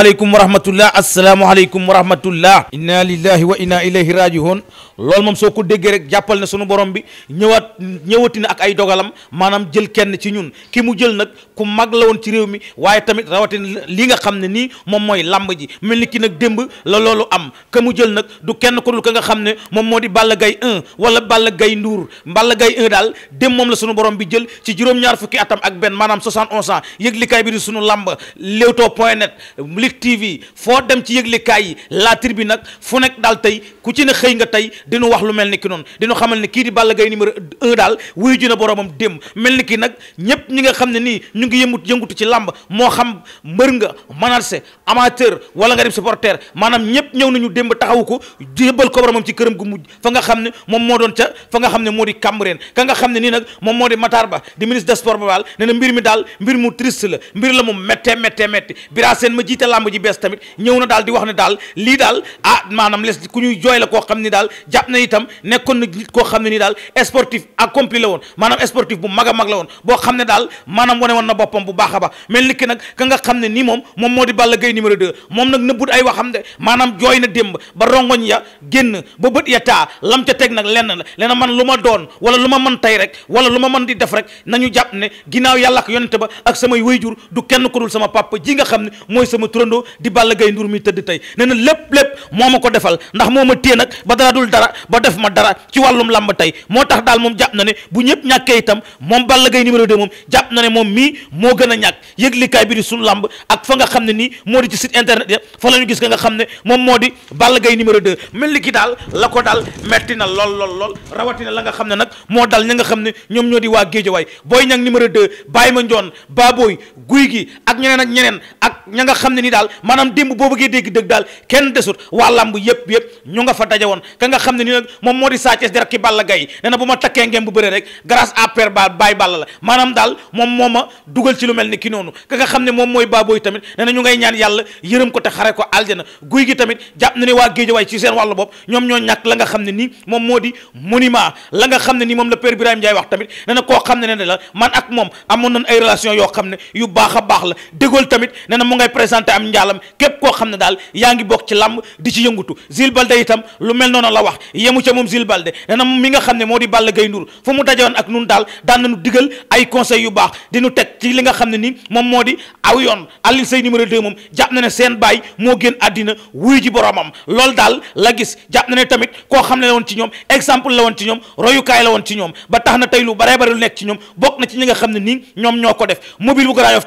aleykum wa rahmatullah asalaamaaleykum wa rahmatullah inna lillahi wa inna ilayhi rajihoon loolu moom soo ko déggee rek jàppal na sunu borom bi ñëwaat ñëwati ak ay dogalam maanaam jël kenn ci ñun ki mu jël nag ku mag la woon ci réew mi waaye tamit rawatina li nga xam ne nii moom mooy làmb ji mel ni ki nag démb la loolu am ka mu jël nag du kenn ko dul ka nga xam ne moom moo di Balla gay 1 wala Balla gay Ndour Balla Gaye 1 daal démb moom la sunu borom bi jël ci juróom-ñaar fukki atam ak benn maanaam 71 ans yëglikaay bi di sunu làmb Leewtoo Lutte TV foo dem ci yëglekaay yi La Tribune nag fu nekk daal tey ku ci ne xëy nga tey dinu wax lu mel ni ki noonu dinu xamal ne kii di Balla Gaye numéro un daal wuyu ji na boromam dem mel ni ki nag ñépp ñi nga xam ne nii ñu ngi yëmut yëngutu ci làmb moo xam mbër nga se amateur wala nga dem supporter maanaam ñépp ñëw nañu démb taxawu ko jébbal ko boromam ci këram gu mujj fa nga xam ne moom moo doon ca fa nga xam ne moo di Cambérène ka nga xam ne nii nag moom moo di Matar Ba di ministre des sports ba daal nee na mbir daal mbir mu triste la mbir la mu méttee méttee métti bira seen làmb ji bees tamit ñëw na daal di wax ne daal lii daal ah maanaam les ku ñuy jooy la koo xam ni daal la woon a la woon boo xam ne daal maanaam wane woon na boppam bu baax a baax mel ni ki nag ka nga xam ne moom moo di Balla Gaye numéro 2 moom nag nëbbut ay waxam de maanaam jooy na démb ba rongoñ ya génn ba bët ya taa lam ca teg nag lenn la lenn man lu ma doon wala lu ma mën tey rek wala lu ma mën di def rek nañu jàpp ne ginnaaw yàlla ak yonente ba ak samay wayjur du kenn ko dul sama papa ji nga xam ne mooy sama tur turandoo di Balla Gaye Ndour mi tëdd tey nee na lépp lépp moo ma ko defal ndax moo ma téye nag ba dara dul dara ba def ma dara ci wàllum làmb tey moo tax daal moom jàpp na ne bu ñëpp ñàkkee itam moom Balla Gaye numéro 2 moom jàpp na ne moom mii moo gën a ñàkk yëglikaay bi di sunu làmb ak fa nga xam ne nii moo di ci site internet ya fa la ñu gis nga xam ne moom moo di Balla Gaye numéro de mel ni ki daal la ko daal metti na lool lool lool rawatina la nga xam ne nag moo dal ña nga xam ne ñoom ñoo di waa géejawaay booy ñang numéro 2 bàyyi ma njoon baabooy guy gi ak ñeneen ak ni daal maanaam démb boo bëggee dégg dëgg daal kenn desut waa làmb yëpp yëpp ñu nga fa daje woon ka nga xam ne ni nag moo di Sa Thiès di rek ki ma takkee ngeen bu bëree rek grâce à Père Ba Baye Balla la maanaam daal moom moo ma dugal xam ne moom mooy baabooy tamit nee na ñu ngay ñaan yàlla yërëm ko te xare ko aljana guy gi tamit jàpp ñoom ñoo ñàkk la nga nii moom moo di monument la nga xam ne nii moom la Père Birahim Ndiaye wax tamit nee na koo xam ne ne la man ak moom amoon nañ ay relation yoo xam ne yu baax a baax la dégool tamit nee mu ngay présenté am njaalam képp koo xam ne daal yaa ngi bokk ci làmb di ci yëngutu Zil itam lu mel noonu la wax yemu ca moom Zil Balde mi nga xam ne moo di Balla Gaye Ndour fu mu dajewoon ak nun daal daan nañu digal ay conseils yu baax di teg ci li nga xam ne ni moom moo di aw yoon Alioune Seye numéro 2 jàpp na ne seen baay moo génn àddina wuy ji boromam loolu daal la gis jàpp na ne tamit koo xam ne la woon ci ñoom exemple la woon ci ñoom royukaay la woon ci ñoom ba tax na tey lu baree bare lu nekk ci ñoom bokk na ci ñi nga xam ne nii ñoom ñoo ko def mobile bu Grand Yoff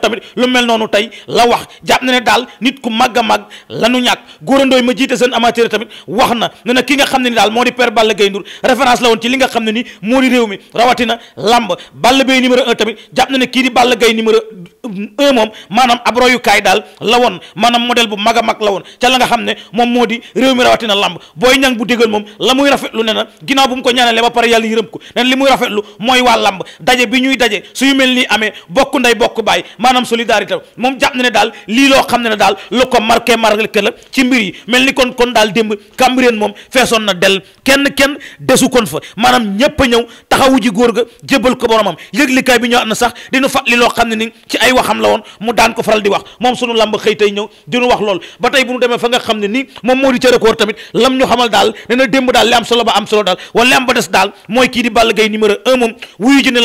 daal nit ku màgg a màgg lanu ñàkk góorandooy ma jiite seen a tamit wax na ne na ki nga xam ne ni daal moo di père Balla Gaye référence la woon ci li nga xam ne ni moo di réew mi rawatina lamb Balla Gaye numéro un tamit jàpp na ne kii di Balla Gaye un moom maanaam ab royukaay daal la woon maanaam modèle bu mag a mag la woon ca la nga xam ne moom moo di réew mi rawatina làmb booy ñang bu déggal moom la muy rafetlu ne na ginnaaw bu mu ko ñaanalee ba pare yàlla yërëm ko nen li muy rafetlu mooy waa làmb daje bi ñuy daje suyu mel nii amee bokk nday bokk baay maanaam solidarité moom jàpp na ne daal lii loo xam ne ne daal lu ko marqué marqué la ci mbir yi mel ni kon kon daal démb Cambérène moom feesoon na del kenn kenn desu kon fa maanaam ñëpp ñëw taxawu ji góor ga jébbal ko boromam yëglikaay bi ñëwaat na sax dinu fàttali loo xam ne ni ci ay waxam la woon mu daan ko faral di wax moom sunu làmb xëy tey ñëw dinu wax lool ba tey bu ñu demee fa nga xam ne nii moom moo di ca na démb daal li am solo ba am solo daal wala la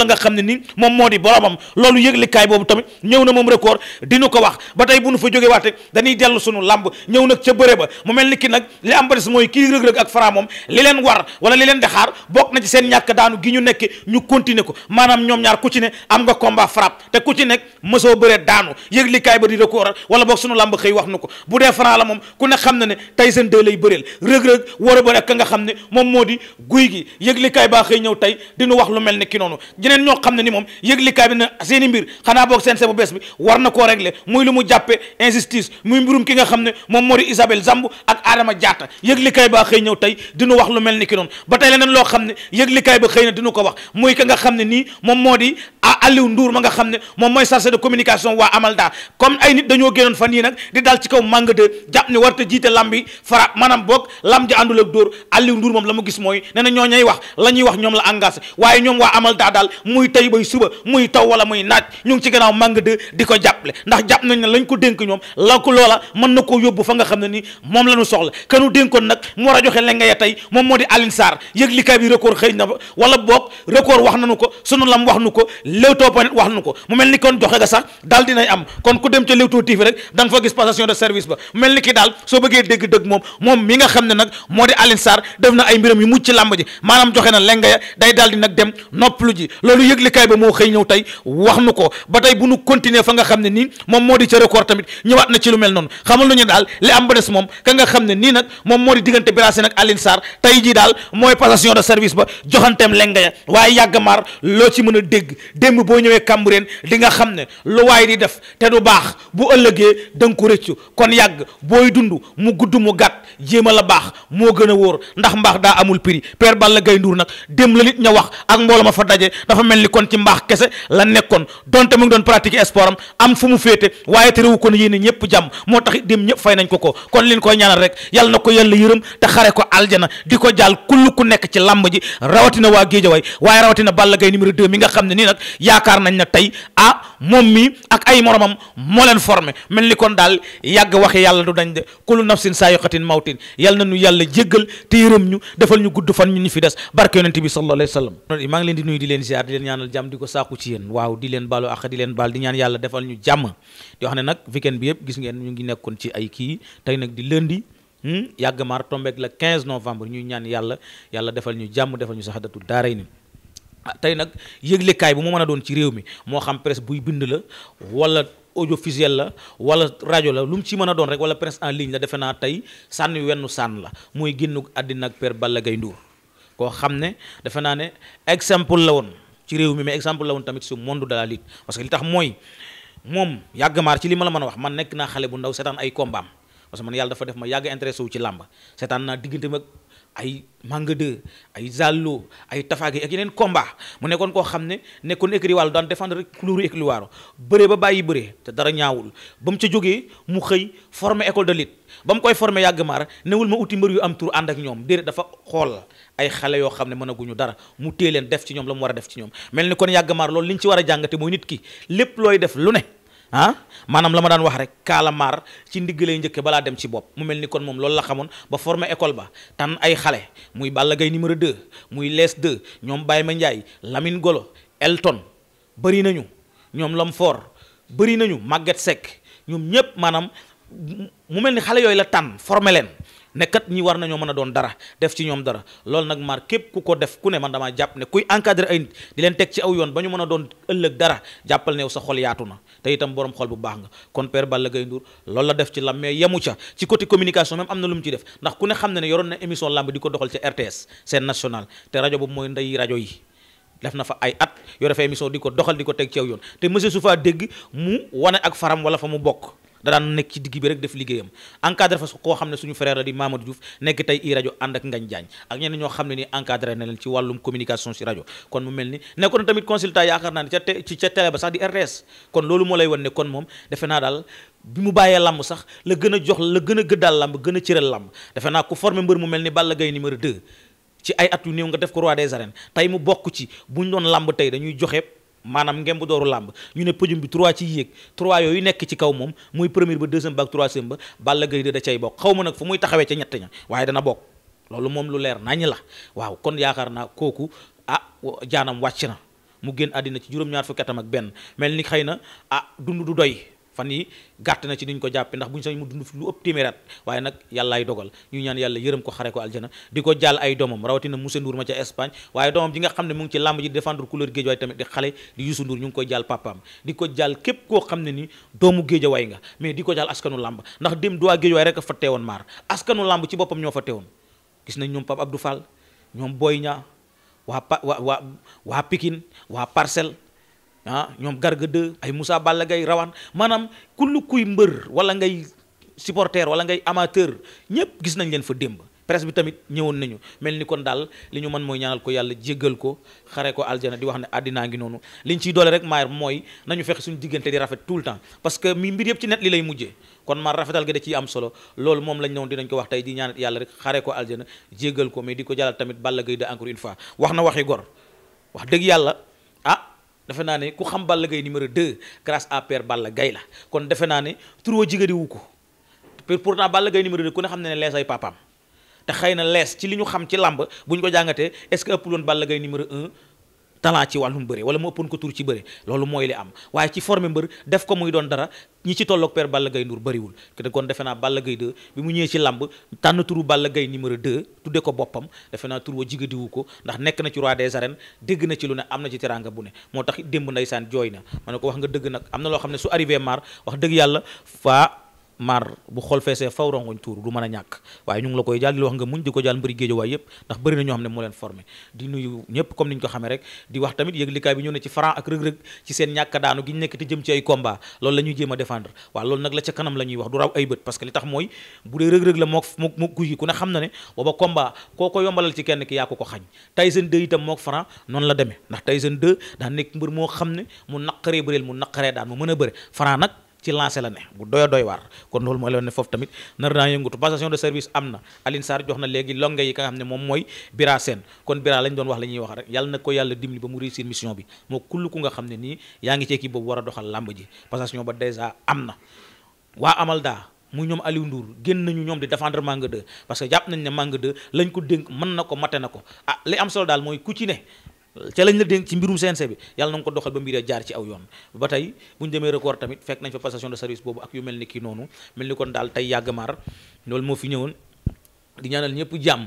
nga xam ne nii moom moo di boromam loolu yëglikaay boobu tamit ñëw na moom record dinu ko wax ba tey bu ñu fa jógee waate dañuy dellu sunu làmb ñëw nag ca bëre ba mu mel ni nag li am ba des mooy kii rëg-rëg ak fara li leen war wala li leen di ñu ñu continuer ko maanaam ñoom ñaar ku ci ne am nga combat frappe te ku ci nekk mësoo bëree daanu yëg li ba di record wala boog sunu na ko bu dee Franc la moom ku ne a bëre ka nga xam ne moom moo di guy gi yëg li kaay baa xëy ñëw tey dina wax lu mel ne ki noonu ñeneen ñoo xam ne ni moom yëg li kaay bi ne seen i mbir xanaa boog seen bu bees bi na koo régler muy lu mu jàppe injustice muy ki nga xam ne moom moo di Isabelle Zambu ak Adama Diatta yëg li kaay baa xëy ñëw tey dinu wax noonu ba tey leneen loo xam ne yëg li ba xëy na nu ko wax muy ka nga xam ne nii moom moo di ah, Aliou Ndour ma nga xam ne moom mooy chargé de communication waa Amalda comme ay nit dañoo génnoon fan yii nag di dal ci la mu gis mooy ne na ñoo ñay wax la ñuy wax ñoom la engagé waaye ñoom waa Amalda daal muy tey bay suba muy taw wala muy naaj ñu ngi ci gannaaw Manga 2 di ko le ndax jàpp nañ ne lañ ko dénk ñoom la ko loola mën na ko yóbbu fa nga xam ne nii moom la ñu soxla kanu dénkoon nag mu war a joxe la nga ya tey moom moo di Aline Sarr yëg bi record xëy na wala boo toog record wax nañu ko sunu lam wax nu ko Leewtoo wax nu ko mu mel ni kon joxe ga sax daal dinay am kon ku dem ca Leewtoo TV rek da fa gis passation de service ba mu mel ni ki daal soo bëggee dégg dëgg moom moom mi nga xam ne di Alioune Sarr def na dem ca record di diggante Bira Sène ak Alioune passation de service ba joxanteem lenga ya ne waaye yàgg maar loo ci mën a dégg démb boo ñëwee Cambérène di nga xam ne lu waay di def te du baax bu ëllëgee da nga ko rëccu kon yàgg booy dund mu gudd mu gàtt jéem a la baax moo gën a wóor ndax mbaax daa amul prix Père Balla Gaye Ndour nag démb la nit ña wax ak mbooloo ma fa daje dafa mel ni kon ci mbaax kese la nekkoon donte mu ngi doon pratiquer sport am am fu mu féete waaye te réew kon yéene ñëpp jàmm moo tax démb ñëpp fay nañ ko ko kon liñ koy ñaanal rek yàlla na ko yàlla yërëm roy waaye rawatina Balla Gaye numéro 2 mi nga xam ne nii nag yaakaar nañ na tey ah moom mi ak ay moromam moo leen formé mel ni kon daal yàgg waxe yàlla du dañ de kullu nafsin saa yoxatin mawtin yàlla na nu yàlla jéggal te yërëm ñu defal ñu gudd fan ñu ñu fi des barke yonente bi sallallahu alayhi wa sallam maa ngi leen di nuyu di leen ziar di leen ñaanal jàmm di ko saaku ci yéen waaw di leen baalu ak di leen baal di ñaan yàlla defal ñu jàmm di wax ne ngi nekkoon ci ay kii tey Hmm? yàgg maar tombeek la 15 novembre ñuy ñaan yàlla yàlla defal ñu jàmm defal ñu saxadatu daaray ni ah, tey nag yëglekaay bu mu mën a doon ci réew mi moo xam presse buy la wala audiovisuel la wala rajo la lu mu ci mën a doon rek wala presse en ligne la defe naa tey sànni wenn la muy génn àddina ak Père Balla Gaye Ndour koo xam ne defe naa la woon mi mais exemple la woon tamit su monde de la lutte parce que li tax mooy moom yàgg ci li ma la mën a wax man nekk naa xale bu ndaw seetaan ay kombaam parce que man yàlla dafa def ma yàgg intéressé wu ci làmb seetaan naa diggante mag ay Manga 2 ay Zallo ay Tafaage ak yeneen combat mu nekkoon koo xam ne nekkoon écurie Waalo daan défendre couleur écurie Waalo bëree ba bàyyi bëree te dara ñaawul ba mu ca jógee mu xëy former école de lutte ba mu koy former yàgg maar newul ma uti mbër yu am tur ànd ak ñoom déedéet dafa xool ay xale yoo xam ne a mënaguñu dara mu téye leen def ci ñoom la mu war a def ci ñoom mel ni kon yàgg maar loolu li ñu ci war a jàngate mooy nit ki lépp looy def lu ne. ah maanaam la ma daan wax rek kaalamaar ci ndigg lay njëkke balaa dem ci bopp mu mel ni kon moom loolu la xamoon ba formé école ba tànn ay xale muy Balla Gaye numéro 2 muy Lees 2 ñoom Baye Ma Ndiaye Lamine Golo Elton bari nañu ñoom Lom Fort bëri nañu Maguette Seck ñoom ñépp maanaam mu mel ni xale yooyu la tànn formé leen nekkat ñi war nañoo mën a doon dara def ci ñoom dara loolu nag maar képp ku ko def ku ne man damaa jàpp ne kuy encadré ay nit di leen teg ci aw yoon ba ñu mën a doon ëllëg dara jàppal ne yow sa xol yaatu na te itam boroom xol bu baax nga kon père Balla Gaye Ndour loolu la def ci lam mais yemu ca ci côté communication même am na lu mu ci def ndax ku ne xam ne ne yoroon na émission lamb di ko doxal ca RTS seen national te rajo boobu mooy ndey rajo yi def na fa ay at yore fa di ko doxal di ko teg ci yoon te monsieur Soufa dégg mu wane ak faram wala fa mu bokk da daan nekk ci digg bi rek def liggéeyam encadré fa koo xam ne suñu frère la di Mamadou Diouf nekk tey i rajo ànd ak Ngagne Diagne ak ñenn ñoo xam ne ni encadré na ci wàllum communication si rajo kon mu mel ni nekkoon tamit consultant yaakaar naa ne ca ci ca kon loolu moo lay wan ne kon moom defe naa daal bi mu bàyyee làmb sax la gën a jox la gën a gëddaal làmb gën a cëral làmb defe naa ku formé mbër mu mel ni Balla gay numéro 2 ci ay at yu néew nga def ko roi des arènes tey mu bokk ci bu ñu doon làmb tey dañuy joxe maanaam ngem bu dooru làmb ñu ne pëjum bi trois ci yéeg trois yooyu nekk ci kaw moom muy premier ba deuxième ba ak troisième ba Balla Gaye da da cay bokk xaw ma nag fu muy taxawee ca ñett ña waaye dana bokk loolu moom lu leer nañ la waaw kon yaakaar naa kooku ah jaanam wàcc na mu génn àddina ci juróom-ñaar fukki ak benn mel ni xëy na ah dund du doy fan yi gàtt na ci niñ ko jàppe ndax bu ñu sañ mu dund fi lu ëpp téeméeraat waaye nag yàllaay dogal ñu ñaan yàlla yërëm ko xare ko aljana di ko jàll ay doomam rawatina Moussa Ndour ma ca Espagne waaye doomam ji nga xam ne mu ci làmb ji défendre couleur géej tamit di xale di Youssou Ndour ñu ngi koy jàll papaam di ko jàll képp koo xam ne ni doomu géejawaay nga mais di ko jàll askanu làmb ndax dem duwaa géejawaay rek a fa teewoon maar askanu ah ñoom Garga 2 ay Moussa Balla Gaye rawaan maanaam kullu kuy mbër wala ngay supporter wala ngay amateur ñëpp gis nañ leen fa démb presse bi tamit ñëwoon nañu mel ni kon daal li ñu mën mooy ñaanal ko yàlla jéggal ko xare ko aljana di wax ne àddinaa ngi noonu liñ ciy doole rek maar mooy nañu fexe suñu diggante di rafet tout le temps parce que mi mbir yëpp ci net li lay mujjee kon maar rafetal gi da ciy am solo loolu moom ko wax tey di ñaanal yàlla rek xare ko aljana jéggal ko mais di ko jàllal tamit Balla Gaye de encore une fois wax na waxi gor wax dëgg yàlla ah defe naa ne ku xam Balla Gaye numéro 2 grâce à père Balla gay la kon defe naa ne turoo jigéen wu ko pourtant Balla Gaye numéro 2 ku ne xam ne ne lees ay papaam te xëy na lees ci li ñu xam ci làmb bu ñu ko jàngatee est-ce que ëpp loon Balla gay numéro 1 talent ci wàllum bëre wala mu ëppoon ko tur ci bëre loolu mooy li am waaye ci formé mbër def ko muy doon dara ñi ci tolloog père Balla Gaye Ndour bëriwul te kon defe naa Balla Gaye 2 bi mu ñëwee ci làmb tànn turu Balla gay numéro 2 tuddee ko boppam defe naa tur wa jigadiwu ko ndax nekk na ci roi des arènes dégg na ci lu ne am na ci teranga bu ne moo tax démb ndeysaan jooy na ma ne ko wax nga dëgg nag am na loo xam ne su arrivé maar wax dëgg yàlla faa maar bu xol feesee faw rongoñ tuur du mën a ñàkk waaye ñu ngi la koy jàll di wax nga muñ di ko jàll mbëri géej waay yëpp ndax bëri na ñoo xam ne moo leen formé di nuyu ñëpp comme ni ñu ko xamee rek di wax tamit yëglikaay bi ñëw na ci Franc ak Reug Reug ci seen ñàkk daanu gi ñu nekk te jëm ci ay combat loolu la jéem a défendre waaw loolu nag la ca kanam la wax du raw ay bët parce que li tax mooy bu dee Reug Reug la mook mook ku ne xam na ne booba ko yombalal kenn ko ko xañ Tyson 2 itam mook Franc noonu la demee ndax Tyson 2 daa nekk mbër mu naqaree bëreel mu naqaree daan a bëre Franc nag ci lancé la ne bu doy waar kon loolu mooy la ne foofu tamit nar naa yëngutu passation de service am na Alioune jox na léegi longue yi ka nga xam ne moom mooy Bira Sène kon Bira lañ doon wax la wax rek yàlla na ko yàlla dimbali ba mu réussir mission bi moo kull ku nga xam ne nii yaa ngi ci équipe boobu war a doxal làmb ji passation ba dèjà am na waa Amalda muy ñoom Aliou Ndour génn nañu ñoom di défendre Manga 2 parce que jàpp nañ ne ca lañ la dénk ci mbirum CNC bi yàlla na nga ko doxal ba mbir jaar ci aw yoon ba tey bu ñu demee record tamit fekk nañ fa passation de service boobu ak yu mel ni kii noonu mel ni kon daal tey yàgg maar loolu moo fi ñëwoon di ñaanal ñëpp jàmm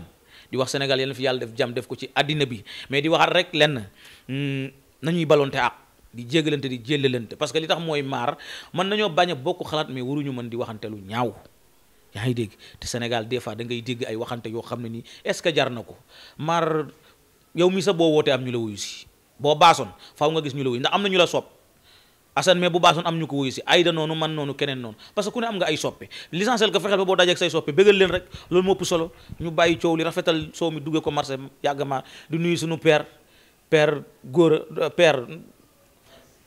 di wax Sénégal yal yàlla def jàmm def ko ci àddina bi mais di waxaat rek lenn hmm, nañuy balonte ak di jéggalante di jéllalante parce que li tax mooy maar mën nañoo bañ a bokk xalaat mais waruñu mën di waxante lu ñaaw yaa ngi dégg te Sénégal des fois da ngay dégg ay waxante yoo xam ne nii est-ce que jar na ko maar yow mi sa boo wootee am ñu la wuyu si boo baasoon faaw nga gis ñu la wuyu ndax am na ñu la sopp asan mais bu baasoon am ñu ko wuyu si ayda noonu man noonu keneen noonu parce que ku ne am nga ay soppe l'essentiel que fexeel ba boo dajee ak say soppe bégal leen rek loolu moo solo ñu bàyyi coow li rafetal soo mi duggee ko marché yàgg ma di nuyu suñu père père góor euh, père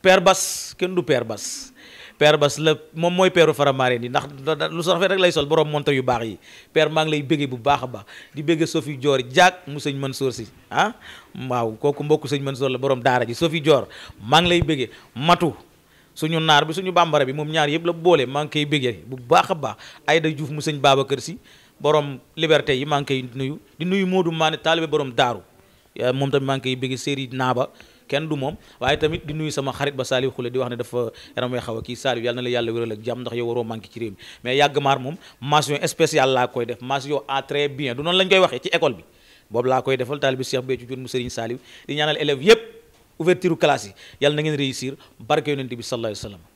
père bas kenn du peer bas père Bass la moom mooy peeru Faramareen yi ndax lu rafet rek lay sol borom monta yu baax yi père maa ngi lay bëggee bu baax a baax di bëggee Sophie Dior jaak mu sëñ Mansour si ah waaw kooku mbokku sëñ Mansour la borom daara ji Sophie Dior maa ngi lay bëggee matu suñu naar bi suñu bambara bi moom ñaar yëpp la boole maa ngi koy bëggee bu baax a baax Aïda Diouf mu sëñ Babacar si borom liberté yi maa ngi koy nuyu di nuyu Modou Mané taalibe borom daaru moom tamit kenn du moom waaye tamit di nuyu sama xarit ba Saliou Khoule di wax ne dafa yaram way xaw a kii Saliou na la yàlla wéral ak jàmm ndax yow waroo manqué ci réew mi mais yàgg maar moom mention spéciale laa koy def mention à très bien du noonu lañ koy waxee ci école bi boobu laa koy defal taalibi Cheikh Béthio Thioune mu Serigne Saliou di ñaanal élèves yépp ouverture classe yi yàlla na réussir barke yonent bi sallallahu alayhi